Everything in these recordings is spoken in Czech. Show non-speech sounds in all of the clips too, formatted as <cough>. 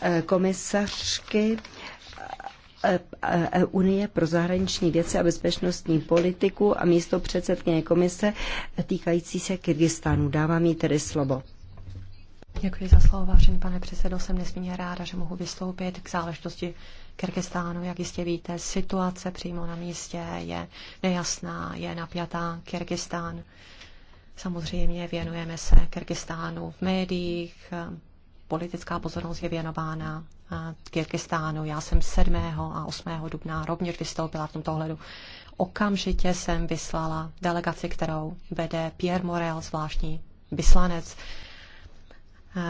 Eh, komisařky eh, eh, Unie pro zahraniční věci a bezpečnostní politiku a místo předsedkyně komise týkající se Kyrgyzstánu. Dávám jí tedy slovo. Děkuji za slovo, vážený pane předsedo. Jsem nesmírně ráda, že mohu vystoupit k záležitosti Kyrgyzstánu. Jak jistě víte, situace přímo na místě je nejasná, je napjatá. Kyrgyzstán. Samozřejmě věnujeme se Kyrgyzstánu v médiích, politická pozornost je věnována eh, Kyrgyzstánu. Já jsem 7. a 8. dubna rovněž vystoupila v tomto ohledu. Okamžitě jsem vyslala delegaci, kterou vede Pierre Morel, zvláštní vyslanec eh,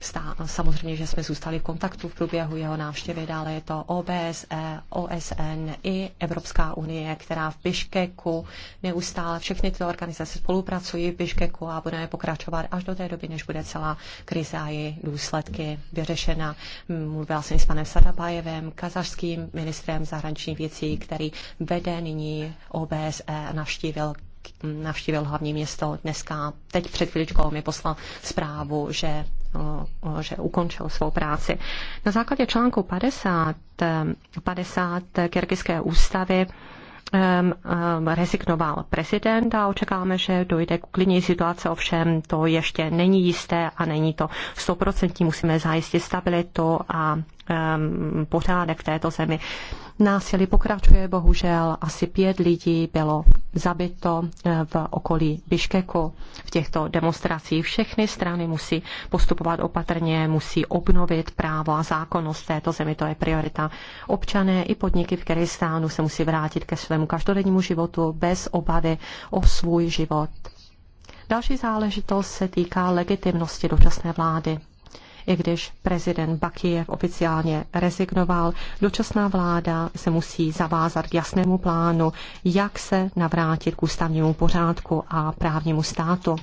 stá, samozřejmě, že jsme zůstali v kontaktu v průběhu jeho návštěvy. Dále je to OBSE, OSN i Evropská unie, která v Biškeku neustále všechny tyto organizace spolupracují v Biškeku a budeme pokračovat až do té doby, než bude celá krize a její důsledky vyřešena. Mluvila jsem s panem Sadabajevem, kazařským ministrem zahraničních věcí, který vede nyní OBSE a navštívil navštívil hlavní město dneska. Teď před chvíličkou mi poslal zprávu, že že ukončil svou práci. Na základě článku 50, 50 Kyrgyzské ústavy eh, eh, rezignoval prezident a očekáváme, že dojde k klidní situace, ovšem to ještě není jisté a není to stoprocentní. Musíme zajistit stabilitu a eh, pořádek v této zemi. Násilí pokračuje bohužel. Asi pět lidí bylo zabito eh, v okolí Biškeku v těchto demonstracích. Všechny strany musí postupovat opatrně, musí obnovit právo a zákonnost této zemi. To je priorita. Občané i podniky v Kyrgyzstánu se musí vrátit ke svému každodennímu životu bez obavy o svůj život. Další záležitost se týká legitimnosti dočasné vlády i když prezident Bakijev oficiálně rezignoval. Dočasná vláda se musí zavázat k jasnému plánu, jak se navrátit k ústavnímu pořádku a právnímu státu.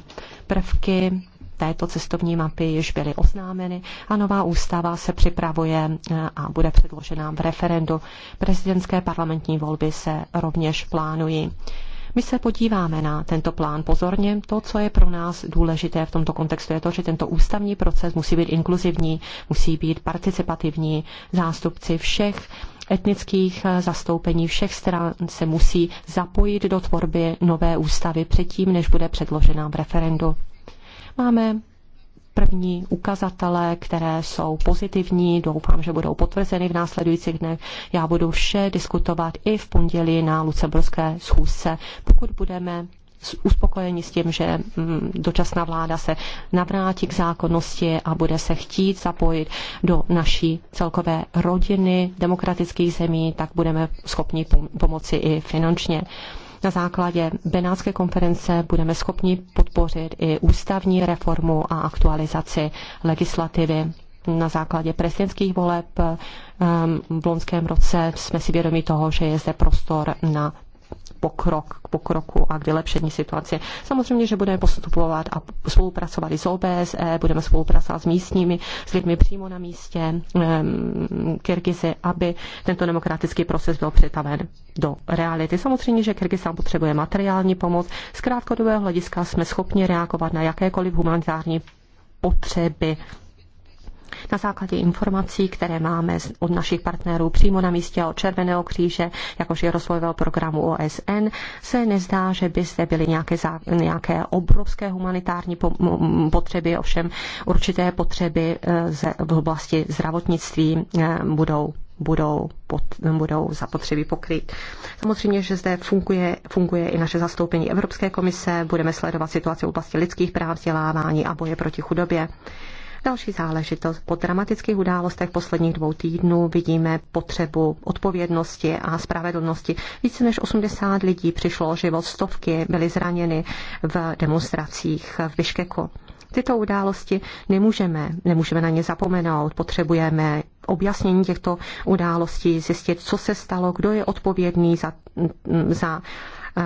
Prvky této cestovní mapy již byly oznámeny a nová ústava se připravuje eh, a bude předložena v referendu. Prezidentské parlamentní volby se rovněž plánují. My se podíváme na tento plán pozorně. To, co je pro nás důležité v tomto kontextu, je to, že tento ústavní proces musí být inkluzivní, musí být participativní. Zástupci všech etnických eh, zastoupení všech stran se musí zapojit do tvorby nové ústavy předtím, než bude předložena v referendu. Máme první ukazatele, které jsou pozitivní, doufám, že budou potvrzeny v následujících dnech. Já budu vše diskutovat i v pondělí na Lucemburské schůzce. Pokud budeme uspokojeni s tím, že mm, dočasná vláda se navrátí k zákonnosti a bude se chtít zapojit do naší celkové rodiny demokratických zemí, tak budeme schopni pomoci i finančně na základě Benátské konference budeme schopni podpořit i ústavní reformu a aktualizaci legislativy na základě prezidentských voleb ehm, v loňském roce jsme si vědomi toho, že je zde prostor na pokrok, k pokroku a k vylepšení situace. Samozřejmě, že budeme postupovat a spolupracovat i s OBSE, budeme spolupracovat s místními, s lidmi přímo na místě Kyrgyzy, aby tento demokratický proces byl přetaven do reality. Samozřejmě, že Kyrgyzstán potřebuje materiální pomoc. Z krátkodobého hlediska jsme schopni reagovat na jakékoliv humanitární potřeby na základě informací, které máme od našich partnerů přímo na místě od Červeného kříže, jakož i rozvojového programu OSN, se nezdá, že by zde byly nějaké, zá, nějaké obrovské humanitární potřeby, ovšem určité potřeby e, v oblasti zdravotnictví e, budou budou, pod, budou zapotřebí pokryt. Samozřejmě, že zde funguje, funguje i naše zastoupení Evropské komise, budeme sledovat situaci v oblasti lidských práv, vzdělávání a boje proti chudobě. Další záležitost. Po dramatických událostech posledních dvou týdnů vidíme potřebu odpovědnosti a spravedlnosti. Více než 80 lidí přišlo o život, stovky byly zraněny v demonstracích v Biškeku. Tyto události nemůžeme, nemůžeme na ně zapomenout, potřebujeme objasnění těchto událostí, zjistit, co se stalo, kdo je odpovědný za, za eh,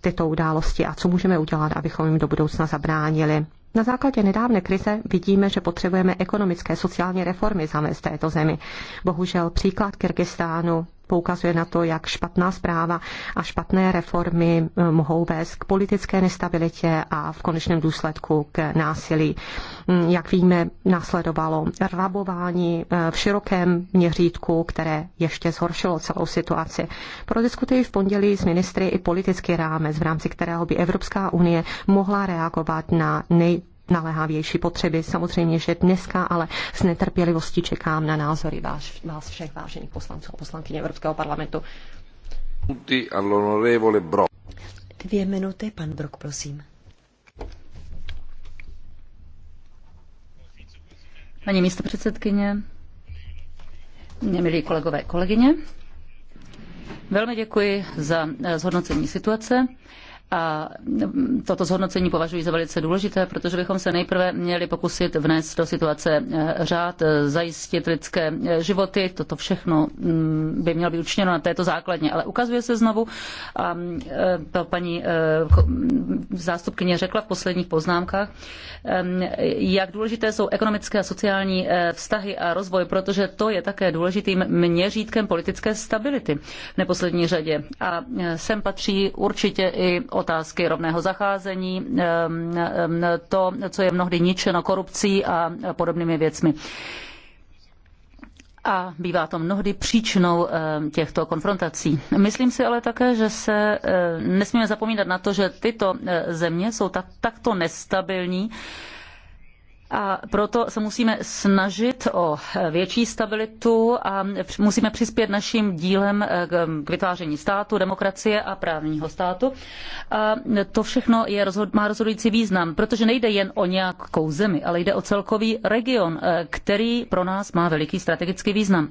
tyto události a co můžeme udělat, abychom jim do budoucna zabránili. Na základě nedávné krize vidíme, že potřebujeme ekonomické sociální reformy zamést této zemi. Bohužel příklad Kyrgyzstánu poukazuje na to, jak špatná zpráva a špatné reformy eh, mohou vést k politické nestabilitě a v konečném důsledku k násilí. Mm, jak víme, následovalo rabování eh, v širokém měřítku, které ještě zhoršilo celou situaci. Prodiskutují v pondělí s ministry i politický rámec, v rámci kterého by Evropská unie mohla reagovat na nej naléhavější potřeby. Samozřejmě, že dneska ale s netrpělivostí čekám na názory vás, vás všech vážených poslanců a poslankyně Evropského parlamentu. Dvě minuty, pan Brok, prosím. Paní mě milí kolegové, kolegyně, velmi děkuji za zhodnocení situace. A toto zhodnocení považuji za velice důležité, protože bychom se nejprve měli pokusit vnést do situace eh, řád, eh, zajistit lidské eh, životy. Toto všechno mm, by mělo být učiněno na této základně. Ale ukazuje se znovu, a to paní mm, zástupkyně řekla v posledních poznámkách, jak důležité jsou ekonomické a sociální vztahy a rozvoj, protože to je také důležitým měřítkem politické stability v neposlední řadě. A sem patří určitě i otázky rovného zacházení, to, co je mnohdy ničeno korupcí a podobnými věcmi a bývá to mnohdy příčinou těchto konfrontací. Myslím si ale také, že se nesmíme zapomínat na to, že tyto země jsou tak, takto nestabilní, a proto se musíme snažit o větší stabilitu a musíme přispět naším dílem eh, k vytváření státu, demokracie a právního státu. A to všechno je, má rozhodující význam, protože nejde jen o nějakou zemi, ale jde o celkový region, eh, který pro nás má veliký strategický význam.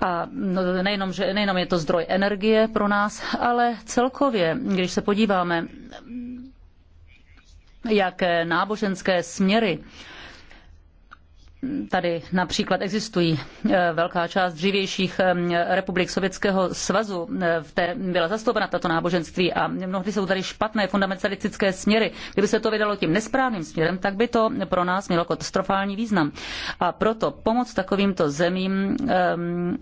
A no, nejenom, že, nejenom je to zdroj energie pro nás, ale celkově, když se podíváme jaké náboženské směry tady například existují eh, velká část dřívějších eh, republik Sovětského svazu, eh, v té byla zastoupena tato náboženství a mnohdy jsou tady špatné fundamentalistické směry. Kdyby se to vydalo tím nesprávným směrem, tak by to pro nás mělo katastrofální význam. A proto pomoc takovýmto zemím ehm,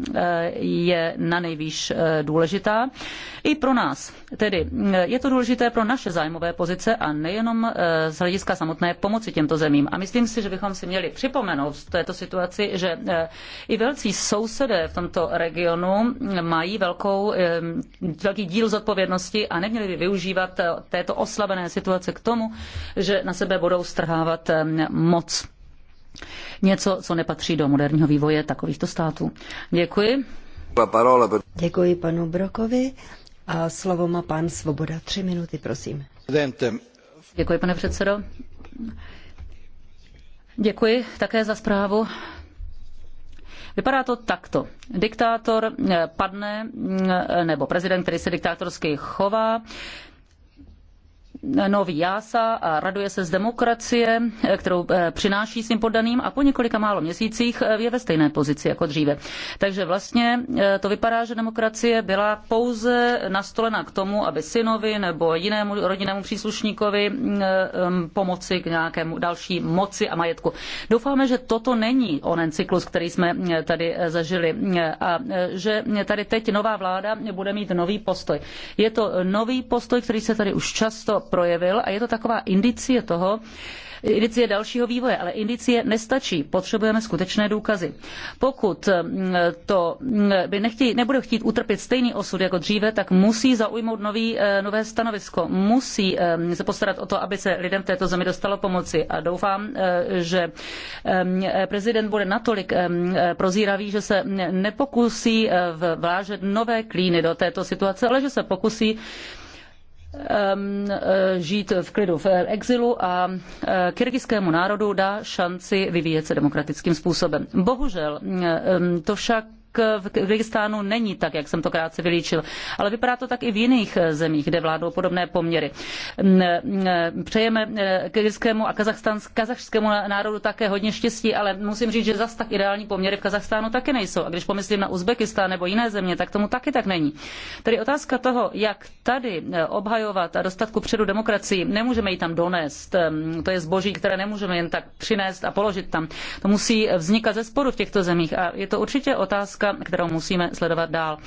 je na nejvýš důležitá i pro nás. Tedy je to důležité pro naše zájmové pozice a nejenom z hlediska samotné pomoci těmto zemím. A myslím si, že bychom si měli připomenout, regionu v této situaci, že eh, i velcí sousedé v tomto regionu eh, mají velkou, eh, velký díl zodpovědnosti a neměli by využívat této oslabené situace k tomu, že na sebe budou strhávat moc. Něco, co nepatří do moderního vývoje takovýchto států. Děkuji. Děkuji panu Brokovi a slovo má pan Svoboda. Tři minuty, prosím. Děkuji, pane předsedo. Děkuji také za zprávu. Vypadá to takto. Diktátor eh, padne, mm, eh, nebo prezident, který se diktátorsky chová, nový jása a raduje se z demokracie, kterou eh, přináší svým poddaným a po několika málo měsících eh, je ve stejné pozici jako dříve. Takže vlastně eh, to vypadá, že demokracie byla pouze nastolena k tomu, aby synovi nebo jinému rodinnému příslušníkovi mm, mm, pomoci k nějakému další moci a majetku. Doufáme, že toto není onen cyklus, který jsme mm, tady zažili a že tady teď nová vláda bude mít nový postoj. Je to nový postoj, který se tady už často projevil a je to taková indicie toho, indicie dalšího vývoje, ale indicie nestačí. Potřebujeme skutečné důkazy. Pokud mm, to mm, by nechtějí, nebude chtít utrpět stejný osud jako dříve, tak musí zaujmout nový, eh, nové stanovisko. Musí eh, se postarat o to, aby se lidem v této zemi dostalo pomoci. A doufám, eh, že prezident bude natolik prozíravý, že se nepokusí vlážet nové klíny do této situace, ale že se pokusí Um, eh, žít v klidu, v exilu a eh, kyrgyzskému národu dá šanci vyvíjet se demokratickým způsobem. Bohužel eh, um, to však k Kyrgyzstánu není tak, jak jsem to krátce vylíčil, ale vypadá to tak i v jiných eh, zemích, kde vládnou podobné poměry. Mm, eh, mm, eh, přejeme kyrgyzskému a kazachskému národu také hodně štěstí, ale musím říct, že zas tak ideální poměry v Kazachstánu také nejsou. A když pomyslím na Uzbekistán nebo jiné země, tak tomu taky tak není. Tedy otázka toho, jak tady obhajovat a dostat ku předu demokracii, nemůžeme ji tam donést. Ehm, to je zboží, které nemůžeme jen tak přinést a položit tam. To musí vznikat ze sporu v těchto zemích a je to určitě otázka otázka, kterou musíme sledovat dál.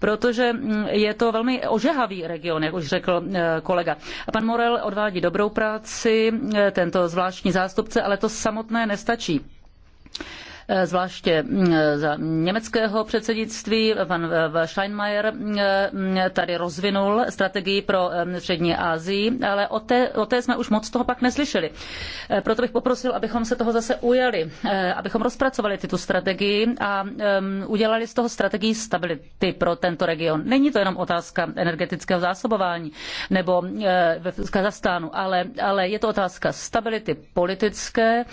Protože mm, je to velmi ožehavý region, jak už řekl eh, kolega. A pan Morel odvádí dobrou práci, eh, tento zvláštní zástupce, ale to samotné nestačí zvláště mm, za německého předsednictví. Pan eh, Steinmeier mm, tady rozvinul strategii pro eh, střední Asii, ale o té, o té jsme už moc toho pak neslyšeli. Eh, proto bych poprosil, abychom se toho zase ujali, abychom rozpracovali tyto strategii a udělali z toho strategii stability pro tento region. Není to jenom otázka energetického zásobování nebo v Kazachstánu, ale, ale je to otázka stability politické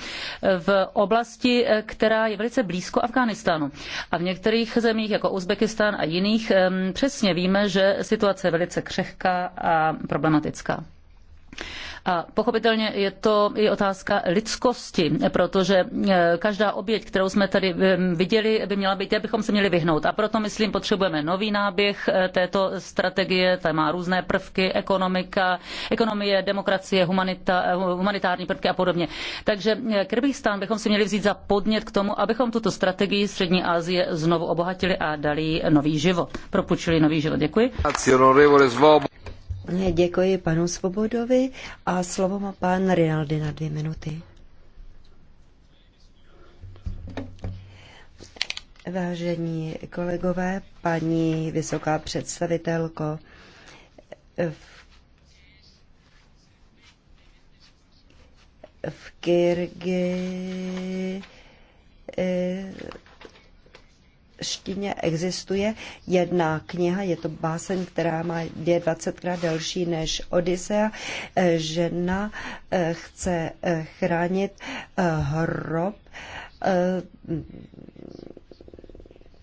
v oblasti, která je velice blízko Afghánistánu. A v některých zemích, jako Uzbekistán a jiných, přesně víme, že situace je velice křehká a problematická. A pochopitelně je to i otázka lidskosti, protože e, každá oběť, kterou jsme tady e, viděli, by měla být, abychom se měli vyhnout. A proto, myslím, potřebujeme nový náběh e, této strategie, ta má různé prvky, ekonomika, ekonomie, demokracie, humanita, humanitární prvky a podobně. Takže Kyrgyzstán bychom si měli vzít za podnět k tomu, abychom tuto strategii Střední Asie znovu obohatili a dali nový život, propučili nový život. Děkuji. Děkuji panu Svobodovi a slovo má pan Rinaldi na dvě minuty. Vážení kolegové, paní vysoká představitelko, v, v Kyrgy češtině existuje jedna kniha, je to báseň, která má, je 20 krát delší než Odisea. Eh, žena eh, chce eh, chránit hrob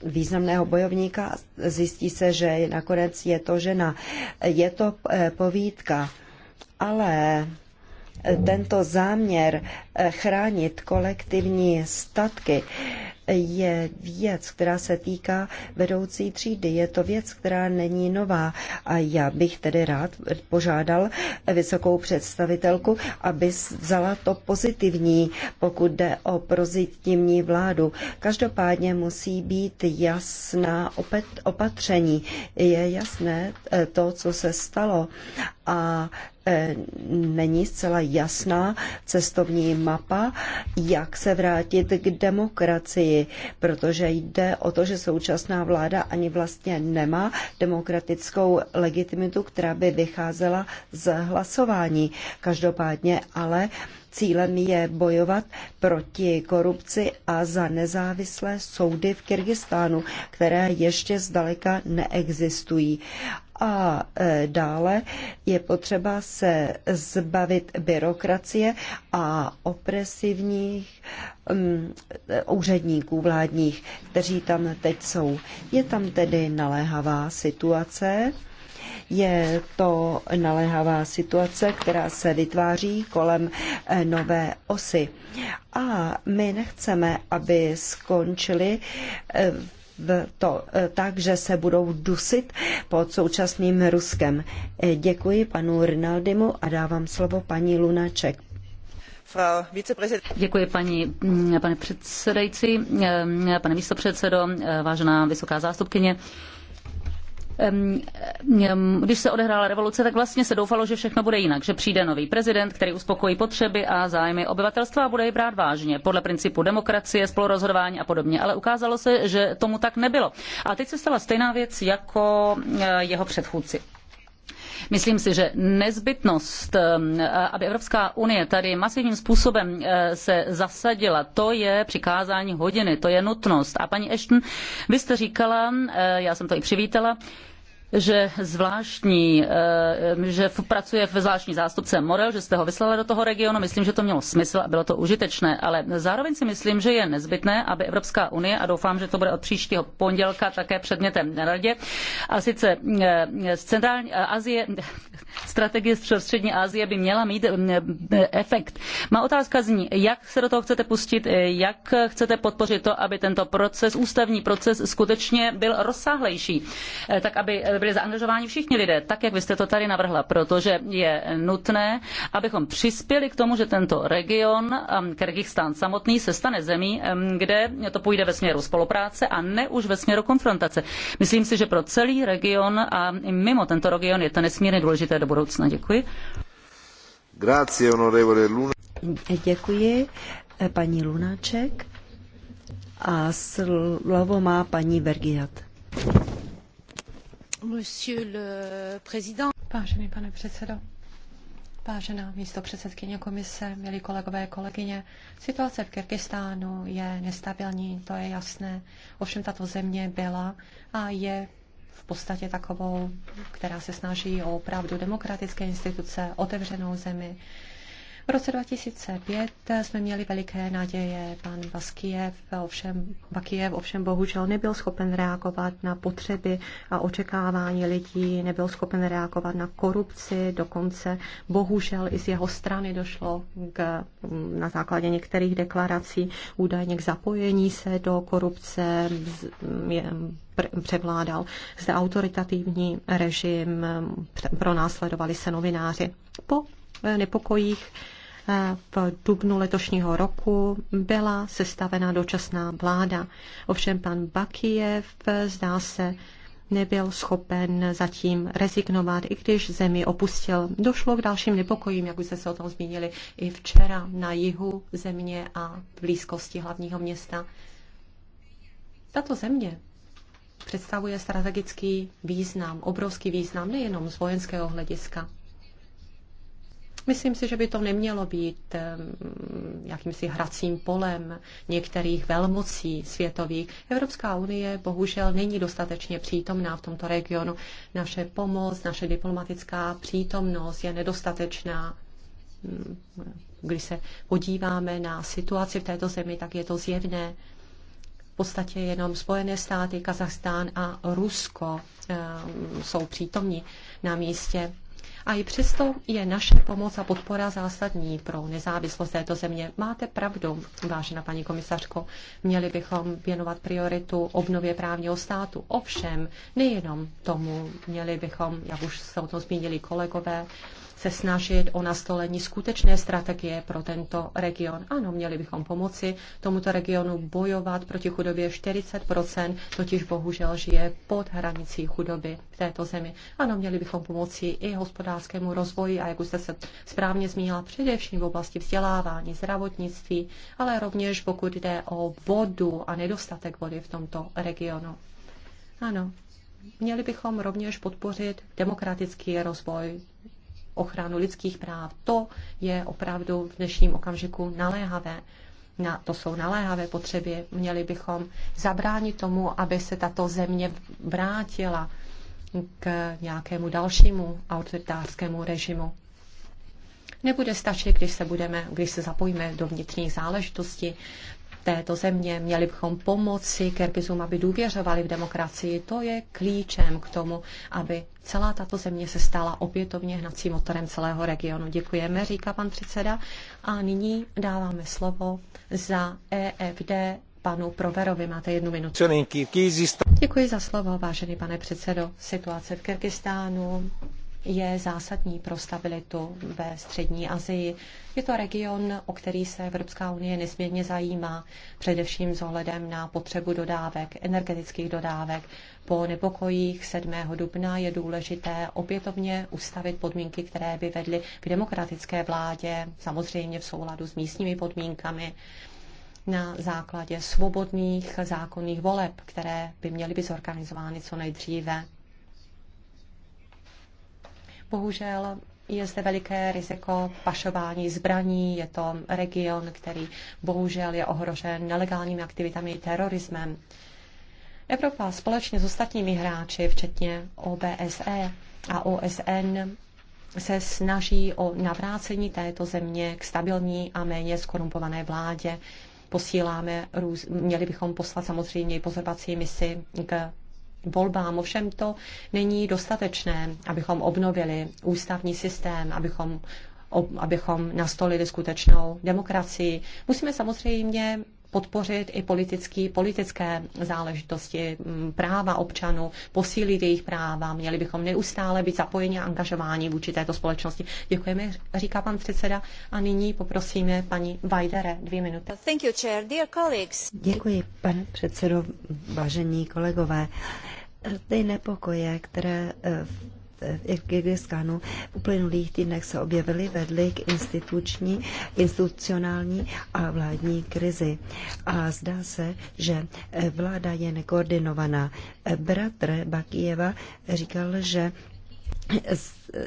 významného bojovníka. Zjistí se, že nakonec je to žena. Je to povídka, ale tento záměr eh, chránit kolektivní statky je věc, která se týká vedoucí třídy. Je to věc, která není nová. A já bych tedy rád požádal vysokou představitelku, aby vzala to pozitivní, pokud jde o prozitivní vládu. Každopádně musí být jasná opatření. Je jasné eh, to, co se stalo. A E, není zcela jasná cestovní mapa, jak se vrátit k demokracii, protože jde o to, že současná vláda ani vlastně nemá demokratickou legitimitu, která by vycházela z hlasování. Každopádně ale Cílem je bojovat proti korupci a za nezávislé soudy v Kyrgyzstánu, které ještě zdaleka neexistují. A e, dále je potřeba se zbavit byrokracie a opresivních um, úředníků vládních, kteří tam teď jsou. Je tam tedy naléhavá situace. Je to naléhavá situace, která se vytváří kolem e, nové osy. A my nechceme, aby skončili e, to e, tak, že se budou dusit pod současným Ruskem. E, děkuji panu Rinaldimu a dávám slovo paní Lunaček. Děkuji paní, mm, pane předsedající, e, mm, pane místopředsedo, vážená vysoká zástupkyně když se odehrála revoluce, tak vlastně se doufalo, že všechno bude jinak, že přijde nový prezident, který uspokojí potřeby a zájmy obyvatelstva a bude je brát vážně podle principu demokracie, spolurozhodování a podobně. Ale ukázalo se, že tomu tak nebylo. A teď se stala stejná věc jako eh, jeho předchůdci. Myslím si, že nezbytnost, ehm, aby Evropská unie tady masivním způsobem eh, se zasadila, to je přikázání hodiny, to je nutnost. A paní Ashton, vy jste říkala, eh, já jsem to i přivítala, že zvláštní, eh, že pracuje ve zvláštní zástupce Morel, že jste ho vyslala do toho regionu. Myslím, že to mělo smysl a bylo to užitečné, ale zároveň si myslím, že je nezbytné, aby Evropská unie, a doufám, že to bude od příštího pondělka také předmětem na radě, a sice eh, z centrální Azie, <laughs> strategie střední Azie by měla mít eh, efekt. Má otázka zní, jak se do toho chcete pustit, jak chcete podpořit to, aby tento proces, ústavní proces skutečně byl rozsáhlejší, tak aby byli zaangažováni všichni lidé, tak jak vy jste to tady navrhla, protože je nutné, abychom přispěli k tomu, že tento region, um, Kyrgyzstán samotný, se stane zemí, um, kde to půjde ve směru spolupráce a ne už ve směru konfrontace. Myslím si, že pro celý region a i mimo tento region je to nesmírně důležité do budoucna. Děkuji. Grazie, onorevole Luna. Děkuji, eh, paní Lunáček. A slovo má paní Bergiat. Monsieur le président. Vážený pane předsedo, vážená místo předsedkyně komise, milí kolegové, a kolegyně, situace v Kyrgyzstánu je nestabilní, to je jasné. Ovšem tato země byla a je v podstatě takovou, která se snaží o opravdu demokratické instituce, otevřenou zemi, v roce 2005 jsme měli veliké naděje. Pan Vaskiev ovšem, Vakiev ovšem bohužel nebyl schopen reagovat na potřeby a očekávání lidí, nebyl schopen reagovat na korupci, dokonce bohužel i z jeho strany došlo k, na základě některých deklarací údajně k zapojení se do korupce, je, převládal zde autoritativní režim, pronásledovali se novináři. Po nepokojích v dubnu letošního roku byla sestavena dočasná vláda. Ovšem pan Bakijev zdá se nebyl schopen zatím rezignovat, i když zemi opustil. Došlo k dalším nepokojím, jak už jste se o tom zmínili, i včera na jihu země a v blízkosti hlavního města. Tato země představuje strategický význam, obrovský význam nejenom z vojenského hlediska, Myslím si, že by to nemělo být jakýmsi hracím polem některých velmocí světových. Evropská unie bohužel není dostatečně přítomná v tomto regionu. Naše pomoc, naše diplomatická přítomnost je nedostatečná hmm, když se podíváme na situaci v této zemi, tak je to zjevné. V podstatě jenom Spojené státy, Kazachstán a Rusko jsou přítomní na místě. A i přesto je naše pomoc a podpora zásadní pro nezávislost této země. Máte pravdu, vážená paní komisařko, měli bychom věnovat prioritu obnově právního státu. Ovšem, nejenom tomu, měli bychom, jak už se o tom zmínili kolegové, se snažit o nastolení skutečné strategie pro tento region. Ano, měli bychom pomoci tomuto regionu bojovat proti chudobě 40 totiž bohužel žije pod hranicí chudoby v této zemi. Ano, měli bychom pomoci i hospodářskému rozvoji a jak už jste se správně zmínila, především v oblasti vzdělávání, zdravotnictví, ale rovněž pokud jde o vodu a nedostatek vody v tomto regionu. Ano, měli bychom rovněž podpořit demokratický rozvoj ochranu lidských práv. To je opravdu v dnešním okamžiku naléhavé. Na, to jsou naléhavé potřeby. Měli bychom zabránit tomu, aby se tato země vrátila k nějakému dalšímu autoritářskému režimu. Nebude stačit, když se, budeme, když se zapojíme do vnitřních záležitostí této země. Měli bychom pomoci Kyrgyzům, aby důvěřovali v demokracii. To je klíčem k tomu, aby celá tato země se stala opětovně hnacím motorem celého regionu. Děkujeme, říká pan předseda. A nyní dáváme slovo za EFD panu Proverovi. Máte jednu minutu. Děkuji za slovo, vážený pane předsedo. Situace v Kyrgyzstánu je zásadní pro stabilitu ve střední Asii. Je to region, o který se Evropská unie nesmírně zajímá, především s ohledem na potřebu dodávek, energetických dodávek. Po nepokojích 7. dubna je důležité opětovně ustavit podmínky, které by vedly k demokratické vládě, samozřejmě v souladu s místními podmínkami na základě svobodných zákonných voleb, které by měly být zorganizovány co nejdříve. Bohužel je zde veliké riziko pašování zbraní, je to region, který bohužel je ohrožen nelegálními aktivitami i terorismem. Evropa společně s ostatními hráči, včetně OBSE a OSN, se snaží o navrácení této země k stabilní a méně skorumpované vládě. Posíláme, měli bychom poslat samozřejmě i pozorovací misi k volbám. Ovšem to není dostatečné, abychom obnovili ústavní systém, abychom abychom nastolili skutečnou demokracii. Musíme samozřejmě podpořit i politický, politické záležitosti, mm, práva občanů, posílit jejich práva. Měli bychom neustále být zapojeni a angažováni vůči této společnosti. Děkujeme, říká pan předseda. A nyní poprosíme paní Vajdere dvě minuty. Thank you, chair. Dear colleagues. Děkuji, pane předsedo, vážení kolegové. Ty nepokoje, které v eh, v Kyrgyzstánu v uplynulých týdnech se objevily, vedly k instituční, institucionální a vládní krizi. A zdá se, že eh, vláda je nekoordinovaná. Eh, bratr Bakijeva říkal, že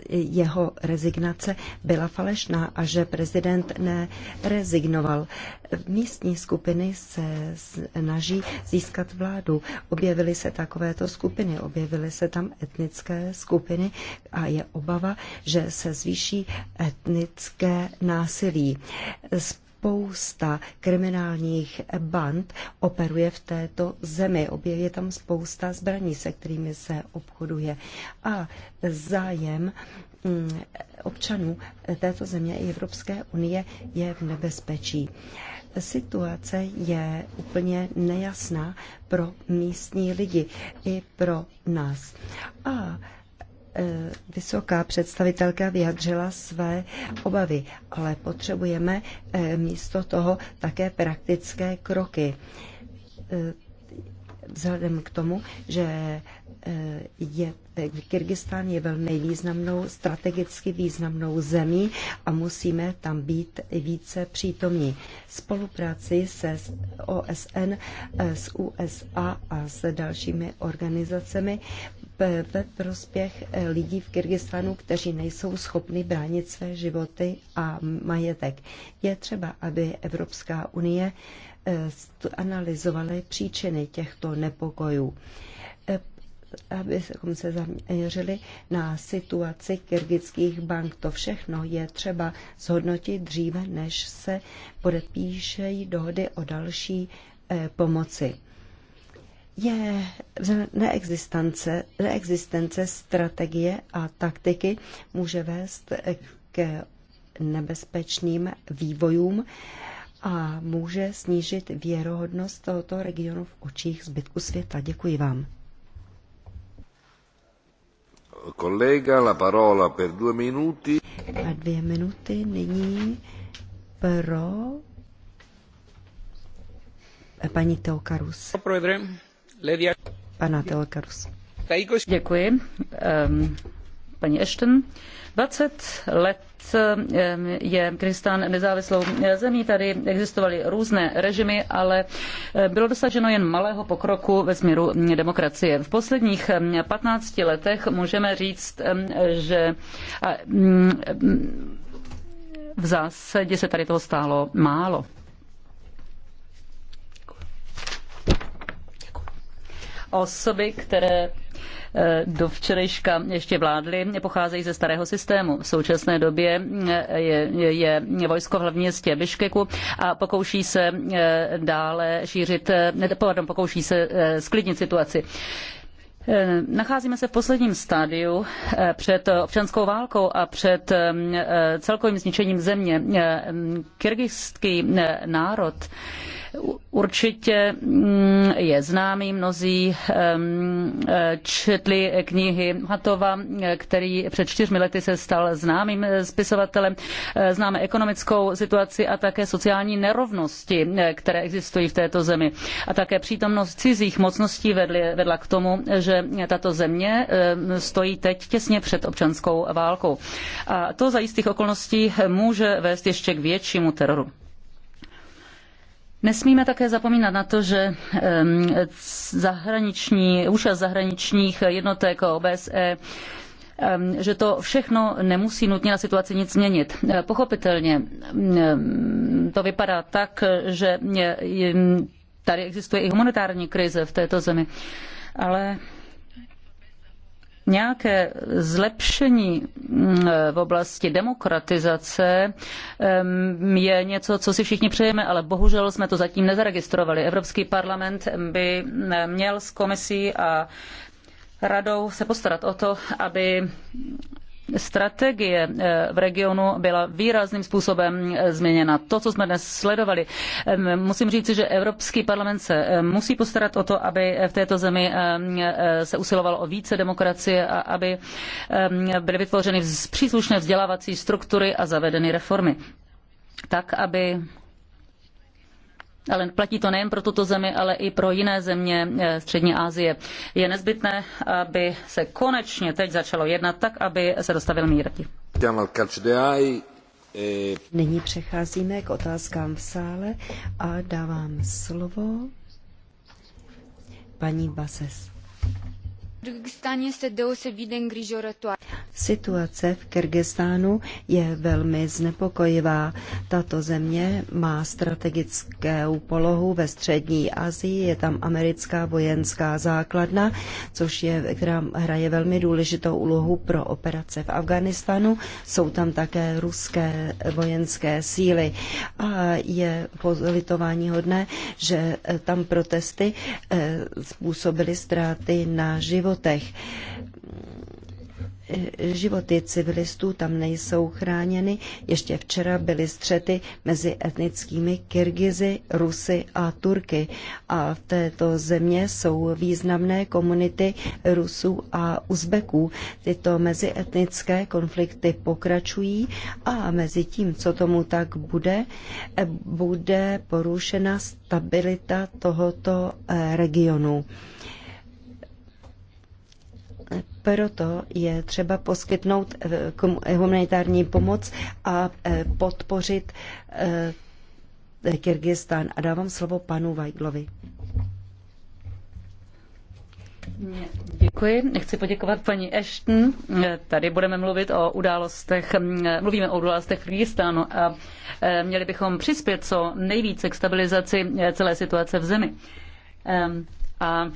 jeho rezignace byla falešná a že prezident nerezignoval. Místní skupiny se snaží získat vládu. Objevily se takovéto skupiny, objevily se tam etnické skupiny a je obava, že se zvýší etnické násilí. Z spousta kriminálních band operuje v této zemi. Objevuje tam spousta zbraní, se kterými se obchoduje. A zájem mm, občanů této země i Evropské unie je v nebezpečí. Situace je úplně nejasná pro místní lidi i pro nás. A Eh, vysoká představitelka vyjadřila své obavy, ale potřebujeme eh, místo toho také praktické kroky. Eh, vzhledem k tomu, že je, Kyrgyzstán je velmi významnou, strategicky významnou zemí a musíme tam být více přítomní. Spolupráci se OSN, s USA a s dalšími organizacemi ve prospěch eh, lidí v Kyrgyzstánu, kteří nejsou schopni bránit své životy a majetek. Je třeba, aby Evropská unie eh, analyzovala příčiny těchto nepokojů eh, abychom se zaměřili na situaci kyrgyzských bank. To všechno je třeba zhodnotit dříve, než se podepíšejí dohody o další pomoci je neexistence, neexistence strategie a taktiky může vést k nebezpečným vývojům a může snížit věrohodnost tohoto regionu v očích zbytku světa. Děkuji vám. Kolega, la parola per due minuti. A dvě minuty nyní pro paní Teokarus. Pro Pana Děkuji. paní Ashton, 20 let je Kyrgyzstán nezávislou zemí. Tady existovaly různé režimy, ale bylo dosaženo jen malého pokroku ve směru demokracie. V posledních 15 letech můžeme říct, že v zásadě se tady toho stálo málo. Osoby, které eh, do včerejška ještě vládly, pocházejí ze starého systému. V současné době je, eh, je, je vojsko v hlavním městě Biškeku a pokouší se eh, dále šířit, pardon, pokouší se sklidnit situaci. Nacházíme se v posledním stádiu před občanskou válkou a před celkovým zničením země. Kyrgyzský národ Určitě mm, je známý, mnozí eh, četli knihy Hatova, který před čtyřmi lety se stal známým eh, spisovatelem. Eh, známe ekonomickou situaci a také sociální nerovnosti, které existují v této zemi. A také přítomnost cizích mocností vedla k tomu, že tato země stojí teď těsně před občanskou válkou. A to za jistých okolností může vést ještě k většímu teroru. Nesmíme také zapomínat na to, že zahraniční, účast zahraničních jednotek OBSE že to všechno nemusí nutně na situaci nic změnit. E, pochopitelně to vypadá tak, že tady existuje i humanitární krize v této zemi, ale nějaké zlepšení mm, v oblasti demokratizace je něco, co si všichni přejeme, ale bohužel jsme to zatím nezaregistrovali. Evropský parlament by měl s komisí a radou se postarat o to, aby strategie eh, v regionu byla výrazným způsobem eh, změněna. To, co jsme dnes sledovali, eh, musím říci, že Evropský parlament se musí postarat o to, aby v této zemi se usilovalo o více demokracie a aby byly vytvořeny příslušné vzdělávací struktury a zavedeny reformy. Tak, aby ale platí to nejen pro tuto zemi, ale i pro jiné země eh, Střední Asie. Je nezbytné, aby se konečně teď začalo jednat tak, aby se dostavil mír. Nyní přecházíme k otázkám v sále a dávám slovo paní Bases. Situace v Kyrgyzstánu je velmi znepokojivá. Tato země má strategickou polohu ve střední Asii, je tam americká vojenská základna, což je, která hraje velmi důležitou úlohu pro operace v Afganistánu. Jsou tam také ruské vojenské síly a je politování hodné, že eh, tam protesty eh, způsobily ztráty na životech. E, životy civilistů tam nejsou chráněny. Ještě včera byly střety mezi etnickými Kyrgyzy, Rusy a Turky. A v této země jsou významné komunity Rusů a Uzbeků. Tyto mezietnické konflikty pokračují a mezi tím, co tomu tak bude, e, bude porušena stabilita tohoto e, regionu. Proto je třeba poskytnout eh, humanitární pomoc a eh, podpořit eh, Kyrgyzstán. A dávám slovo panu Vajglovi. Děkuji. Chci poděkovat paní Ashton. Tady budeme mluvit o událostech, mluvíme o událostech v Kyrgyzstánu a měli bychom přispět co nejvíce k stabilizaci celé situace v zemi. Ehm, a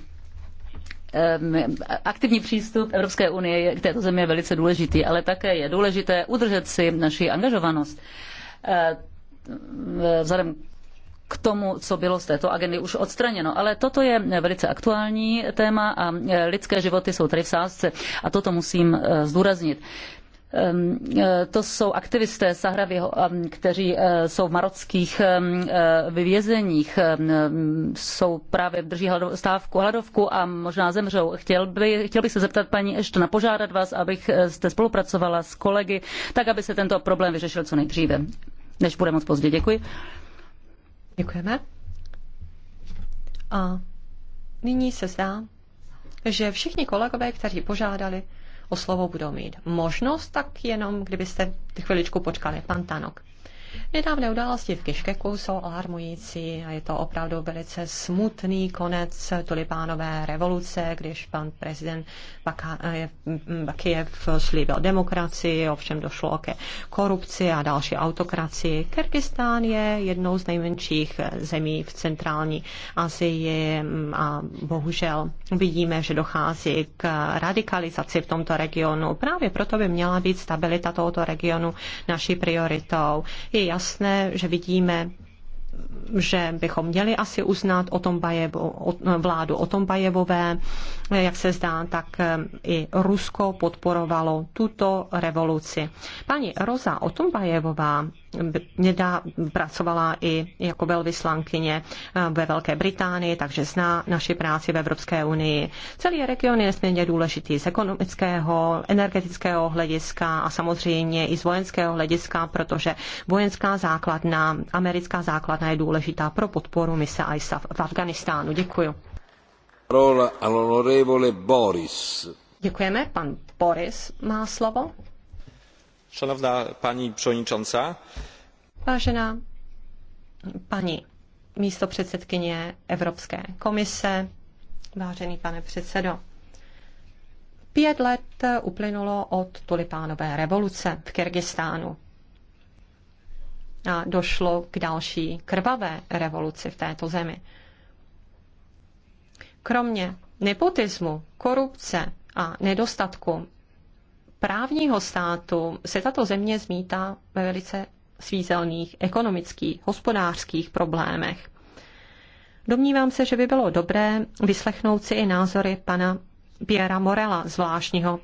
Ehm, aktivní přístup Evropské unie k této zemi je velice důležitý, ale také je důležité udržet si naši angažovanost. Ehm, e, vzhledem k tomu, co bylo z této agendy už odstraněno. Ale toto je velice aktuální téma a lidské životy jsou tady v sázce a toto musím e, zdůraznit. Ehm, e, to jsou aktivisté Sahravy, ehm, kteří e, jsou v marockých ehm, e, vyvězeních, jsou právě drží stávku hladovku a možná zemřou. Chtěl, by, chtěl bych se zeptat paní Eštona, požádat vás, abych jste spolupracovala s kolegy, tak aby se tento problém vyřešil co nejdříve, než bude moc pozdě. Děkuji. Děkujeme. A nyní se zdá, že všichni kolegové, kteří požádali, o slovo budou mít možnost, tak jenom kdybyste chviličku počkali. Pan Tanok. Nedávné události v Kiškeku jsou alarmující a je to opravdu velice smutný konec tulipánové revoluce, když pan prezident eh, Bakijev slíbil demokracii, ovšem došlo ke korupci a další autokracii. Kyrgyzstán je jednou z nejmenších zemí v centrální Asii a bohužel vidíme, že dochází k radikalizaci v tomto regionu. Právě proto by měla být stabilita tohoto regionu naší prioritou. I je jasné, že vidíme že bychom měli asi uznat o tom Bajevo, o, vládu Bajevové, jak se zdá, tak eh, i Rusko podporovalo tuto revoluci. Paní Roza Bajevová Nedá pracovala i jako velvyslankyně eh, ve Velké Británii, takže zná naši práci v Evropské unii. Celý region je nesmírně důležitý z ekonomického, energetického hlediska a samozřejmě i z vojenského hlediska, protože vojenská základna, americká základna je důležitá pro podporu mise ISAF v Afganistánu. Děkuji. Děkujeme. Pan Boris má slovo. Szanowna pani przewodnicząca. Vážená paní místopředsedkyně předsedkyně Evropské komise, vážený pane předsedo. Pět let uplynulo od tulipánové revoluce v Kyrgyzstánu. A došlo k další krvavé revoluci v této zemi. Kromě nepotismu, korupce a nedostatku právního státu se tato země zmítá ve velice svízelných ekonomických, hospodářských problémech. Domnívám se, že by bylo dobré vyslechnout si i názory pana Piera Morela, zvláštního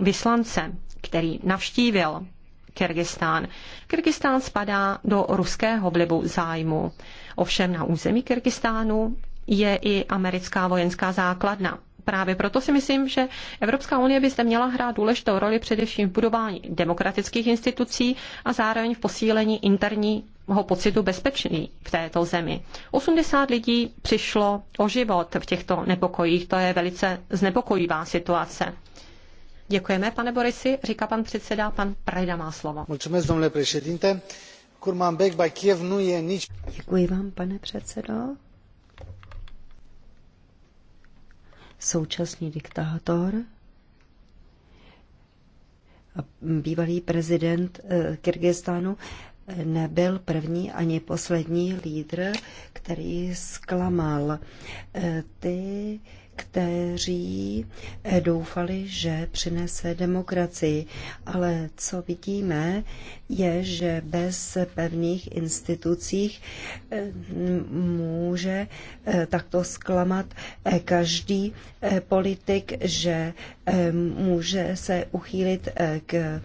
vyslance, který navštívil Kyrgyzstán. Kyrgyzstán spadá do ruského vlivu zájmu. Ovšem na území Kyrgyzstánu je i americká vojenská základna právě proto si myslím, že Evropská unie by se měla hrát důležitou roli především v budování demokratických institucí a zároveň v posílení interní ho pocitu bezpečný v této zemi. 80 lidí přišlo o život v těchto nepokojích, to je velice znepokojivá situace. Děkujeme, pane Borisi, říká pan předseda, pan Prajda má slovo. E Děkuji vám, pane předsedo. současný diktátor bývalý prezident eh, Kyrgyzstánu nebyl první ani poslední lídr, který zklamal. Eh, ty kteří eh, doufali, že přinese demokracii. Ale co vidíme, je, že bez pevných institucích eh, může eh, takto zklamat každý politik, že může se uchýlit k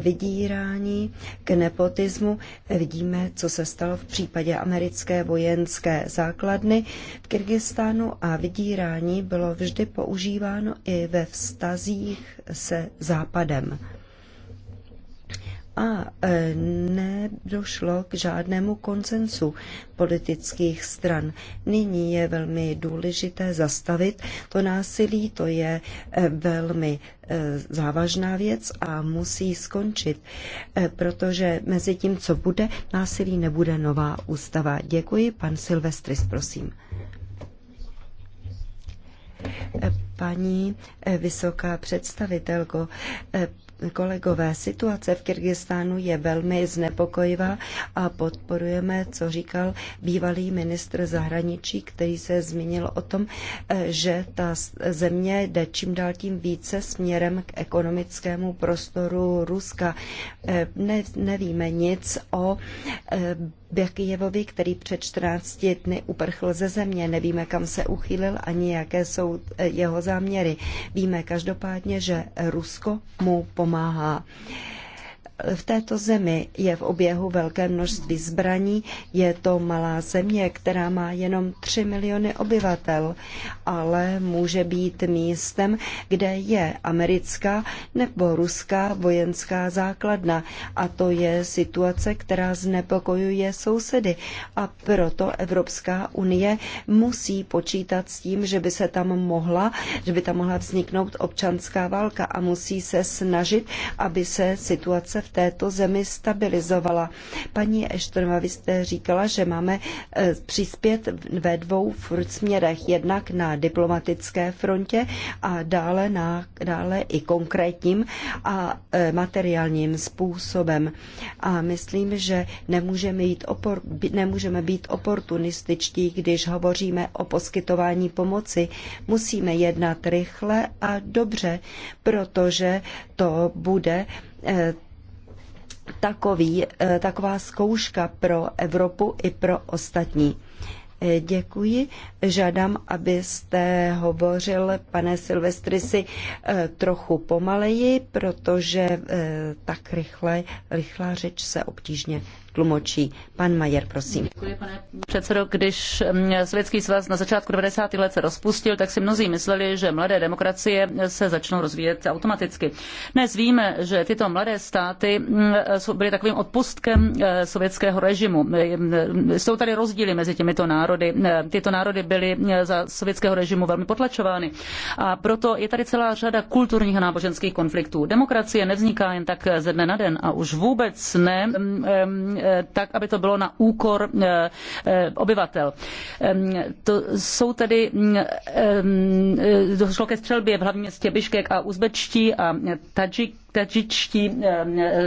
vydírání, k nepotismu. Vidíme, co se stalo v případě americké vojenské základny v Kyrgyzstánu a vydírání bylo vždy používáno i ve vztazích se Západem. A e, nedošlo k žádnému koncensu politických stran. Nyní je velmi důležité zastavit to násilí, to je e, velmi e, závažná věc a musí skončit, protože mezi tím, co bude, násilí nebude nová ústava. Děkuji, pan Silvestris, prosím. Paní eh, vysoká představitelko, eh, kolegové, situace v Kyrgyzstánu je velmi znepokojivá a podporujeme, co říkal bývalý ministr zahraničí, který se zmínil o tom, eh, že ta země jde čím dál tím více směrem k ekonomickému prostoru Ruska. Ne, nevíme nic o Berkyjevovi, který před 14 dny uprchl ze země. Nevíme, kam se uchýlil, ani jaké jsou eh, jeho záměry. Víme každopádně, že Rusko mu pomáhá v této zemi je v oběhu velké množství zbraní, je to malá země, která má jenom 3 miliony obyvatel, ale může být místem, kde je americká nebo ruská vojenská základna. A to je situace, která znepokojuje sousedy. A proto Evropská unie musí počítat s tím, že by se tam mohla, že by tam mohla vzniknout občanská válka a musí se snažit, aby se situace v této zemi stabilizovala. Paní Eštonová, vy jste říkala, že máme e, přispět ve dvou směrech. Jednak na diplomatické frontě a dále, na, dále i konkrétním a e, materiálním způsobem. A myslím, že nemůžeme, jít opor, nemůžeme být oportunističtí, když hovoříme o poskytování pomoci. Musíme jednat rychle a dobře, protože to bude e, takový, eh, taková zkouška pro Evropu i pro ostatní. Eh, děkuji. Žádám, abyste hovořil, pane si eh, trochu pomaleji, protože tak rychle, rychlá řeč se obtížně tlumočí. Pan Majer, prosím. pane předsedo. Když mm, Sovětský svaz na začátku 90. let se rozpustil, tak si mnozí mysleli, že mladé demokracie se začnou rozvíjet automaticky. Dnes víme, že tyto mladé státy mm, byly takovým odpustkem eh, sovětského režimu. Eh, mm, jsou tady rozdíly mezi těmito národy. Eh, tyto národy byly za sovětského režimu velmi potlačovány. A proto je tady celá řada kulturních a náboženských konfliktů. Demokracie nevzniká jen tak ze dne na den a už vůbec ne Eh, tak, aby to bylo na úkor eh, eh, obyvatel. To jsou tedy, mm, došlo ke střelbě v hlavním městě Biškek a uzbečtí a tadžik tadžičtí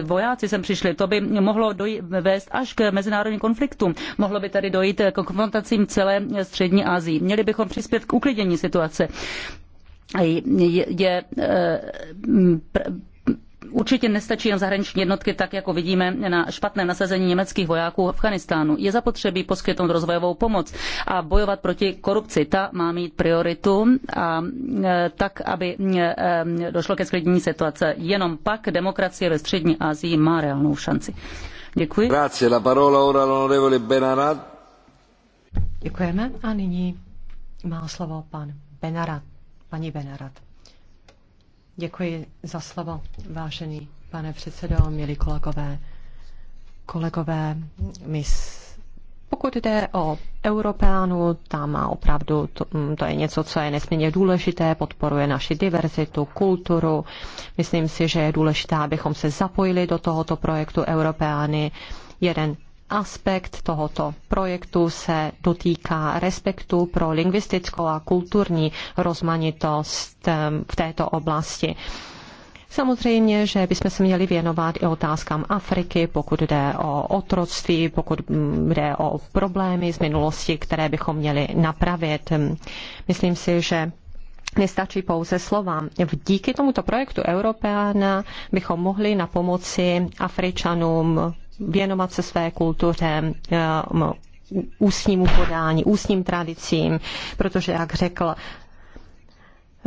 vojáci sem přišli. To by mohlo dojít, vést až k mezinárodním konfliktům. Mohlo by tady dojít k konfrontacím celé střední Asii. Měli bychom přispět k uklidnění situace je určitě nestačí jen zahraniční jednotky, tak jako vidíme na špatném nasazení německých vojáků v Afganistánu. Je zapotřebí poskytnout rozvojovou pomoc a bojovat proti korupci. Ta má mít prioritu a e, tak, aby e, e, došlo ke sklidnění situace. Jenom pak demokracie ve střední Asii má reálnou šanci. Děkuji. Grazie, la parola ora l'onorevole Benarad. Děkujeme a nyní má slovo pan Benarad. paní Benarad. Děkuji za slovo, vážený pane předsedo, milí kolegové. Kolegové, my pokud jde o Europeánu, tam má opravdu to, mm, to je něco, co je nesmírně důležité, podporuje naši diverzitu, kulturu. Myslím si, že je důležité, abychom se zapojili do tohoto projektu Europeány. Jeden aspekt tohoto projektu se dotýká respektu pro lingvistickou a kulturní rozmanitost v této oblasti. Samozřejmě, že bychom se měli věnovat i otázkám Afriky, pokud jde o otroctví, pokud mm, jde o problémy z minulosti, které bychom měli napravit. Myslím si, že Nestačí pouze slova. Díky tomuto projektu Europeana bychom mohli na pomoci Afričanům věnovat se své kultuře, eh, ústnímu podání, ústním tradicím, protože, jak řekl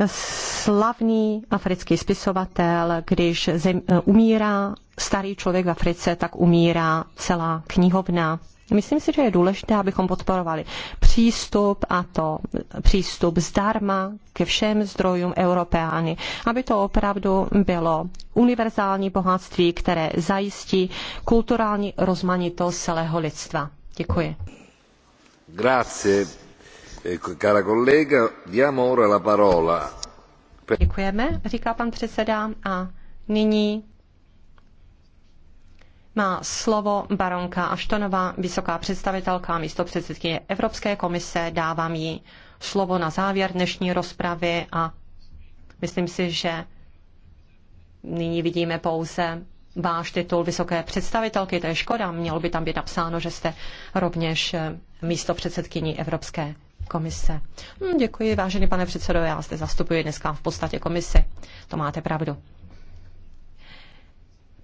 slavný africký spisovatel, když zem, eh, umírá starý člověk v Africe, tak umírá celá knihovna. Myslím si, že je důležité, abychom podporovali přístup a to přístup zdarma ke všem zdrojům Europeány, aby to opravdu bylo univerzální bohatství, které zajistí kulturální rozmanitost celého lidstva. Děkuji. Grazie. Eh, Děkujeme, říká pan předseda. A nyní má slovo baronka Aštonová, vysoká představitelka a místo předsedkyně Evropské komise. Dávám jí slovo na závěr dnešní rozpravy a myslím si, že nyní vidíme pouze váš titul vysoké představitelky, to je škoda, mělo by tam být napsáno, že jste rovněž eh, místo předsedkyní Evropské komise. Hm, děkuji, vážený pane předsedo, já zde zastupuji dneska v podstatě komisi. To máte pravdu.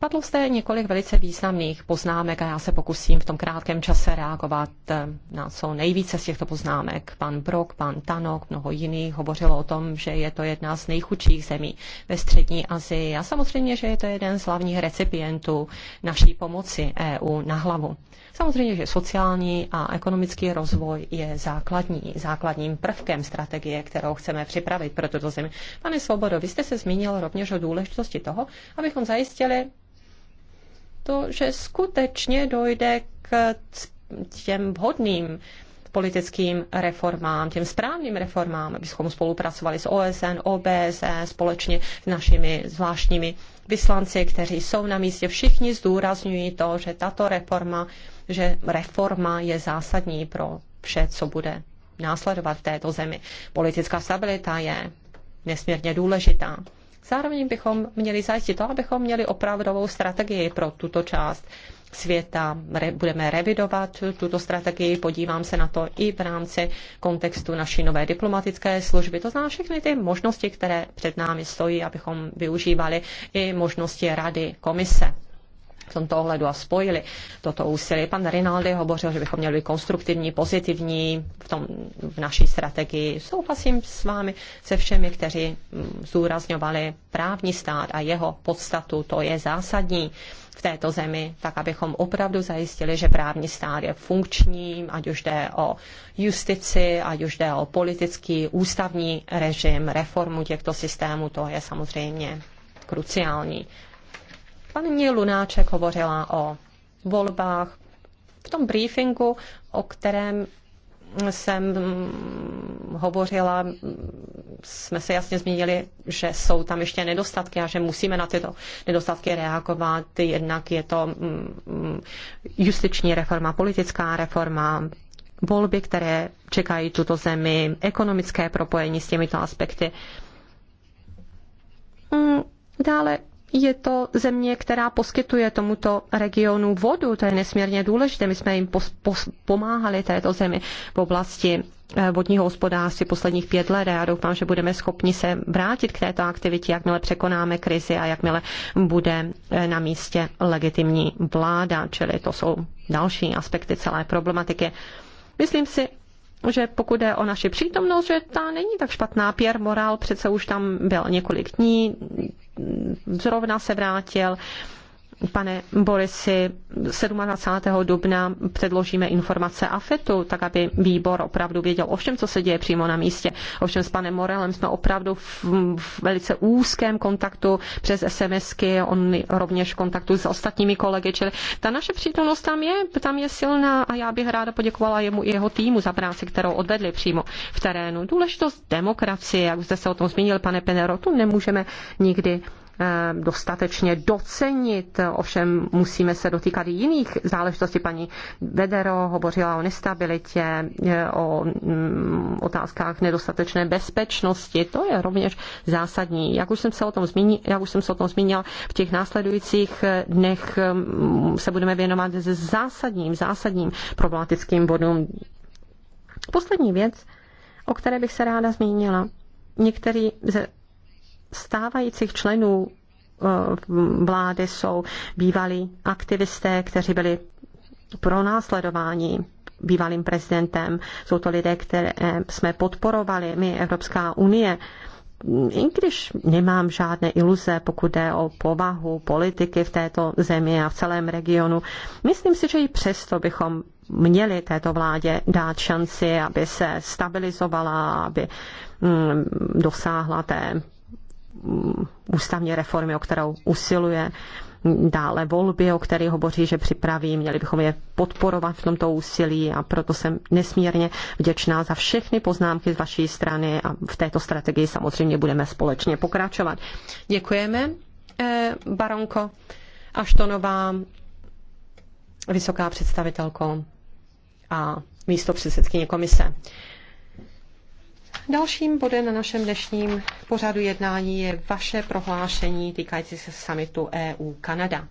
Padlo zde několik velice významných poznámek a já se pokusím v tom krátkém čase reagovat eh, na co nejvíce z těchto poznámek. Pan Brok, pan Tanok, mnoho jiných hovořilo o tom, že je to jedna z nejchudších zemí ve střední Asii a samozřejmě, že je to jeden z hlavních recipientů naší pomoci EU na hlavu. Samozřejmě, že sociální a ekonomický rozvoj je základní, základním prvkem strategie, kterou chceme připravit pro tuto zemi. Pane Svobodo, vy jste se zmínil rovněž o důležitosti toho, abychom zajistili to, že skutečně dojde k těm vhodným politickým reformám, těm správným reformám, abychom spolupracovali s OSN, OBSE, společně s našimi zvláštními vyslanci, kteří jsou na místě. Všichni zdůrazňují to, že tato reforma, že reforma je zásadní pro vše, co bude následovat v této zemi. Politická stabilita je nesmírně důležitá. Zároveň bychom měli zajistit to, abychom měli opravdovou strategii pro tuto část světa. Re, budeme revidovat tuto strategii, podívám se na to i v rámci kontextu naší nové diplomatické služby. To znamená všechny ty možnosti, které před námi stojí, abychom využívali i možnosti rady komise v tomto ohledu a spojili toto úsilí. Pan Rinaldi hovořil, že bychom měli být konstruktivní, pozitivní v, tom, v naší strategii. Souhlasím s vámi, se všemi, kteří mm, zúrazňovali právní stát a jeho podstatu, to je zásadní v této zemi, tak abychom opravdu zajistili, že právní stát je funkční, ať už jde o justici, ať už jde o politický ústavní režim, reformu těchto systémů, to je samozřejmě kruciální Paní Lunáček hovořila o volbách. V tom briefingu, o kterém jsem hovořila, jsme se jasně zmínili, že jsou tam ještě nedostatky a že musíme na tyto nedostatky reagovat. Jednak je to mm, justiční reforma, politická reforma, volby, které čekají tuto zemi, ekonomické propojení s těmito aspekty. Mm, dále je to země, která poskytuje tomuto regionu vodu. To je nesmírně důležité. My jsme jim pos, pos, pomáhali této zemi v oblasti eh, vodního hospodářství posledních pět let a já doufám, že budeme schopni se vrátit k této aktivitě, jakmile překonáme krizi a jakmile bude eh, na místě legitimní vláda, čili to jsou další aspekty celé problematiky. Myslím si že pokud jde o naši přítomnost, že ta není tak špatná. Pierre Moral přece už tam byl několik dní, zrovna se vrátil pane Borisi, 27. dubna předložíme informace AFETu, tak aby výbor opravdu věděl o všem, co se děje přímo na místě. Ovšem s panem Morelem jsme opravdu v, v velice úzkém kontaktu přes SMSky, on rovněž v kontaktu s ostatními kolegy, čili ta naše přítomnost tam je, tam je silná a já bych ráda poděkovala jemu i jeho týmu za práci, kterou odvedli přímo v terénu. Důležitost demokracie, jak jste se o tom zmínil, pane Penero, tu nemůžeme nikdy Eh, dostatečně docenit, ovšem musíme se dotýkat i jiných záležitostí. Paní Vedero hovořila o nestabilitě, eh, o mm, otázkách nedostatečné bezpečnosti, to je rovněž zásadní. Jak už jsem se o tom, zmínil, jak už jsem se o tom zmínil v těch následujících eh, dnech mm, se budeme věnovat zásadním, zásadním problematickým bodům. Poslední věc, o které bych se ráda zmínila, některý ze stávajících členů eh, vlády jsou bývalí aktivisté, kteří byli pronásledováni bývalým prezidentem. Jsou to lidé, které jsme podporovali, my Evropská unie. I když nemám žádné iluze, pokud jde o povahu politiky v této zemi a v celém regionu, myslím si, že i přesto bychom měli této vládě dát šanci, aby se stabilizovala, aby mm, dosáhla té Mm, ústavní reformy, o kterou usiluje, mm, dále volby, o kterých hovoří, že připraví. Měli bychom je podporovat v tomto úsilí a proto jsem nesmírně vděčná za všechny poznámky z vaší strany a v této strategii samozřejmě budeme společně pokračovat. Děkujeme, eh, baronko Aštonová, vysoká představitelko a místo předsedkyně komise. Dalším bodem na našem dnešním pořadu jednání je vaše prohlášení týkající se samitu EU-Kanada.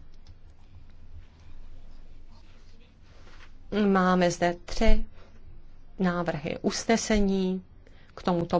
Máme zde tři návrhy usnesení k tomuto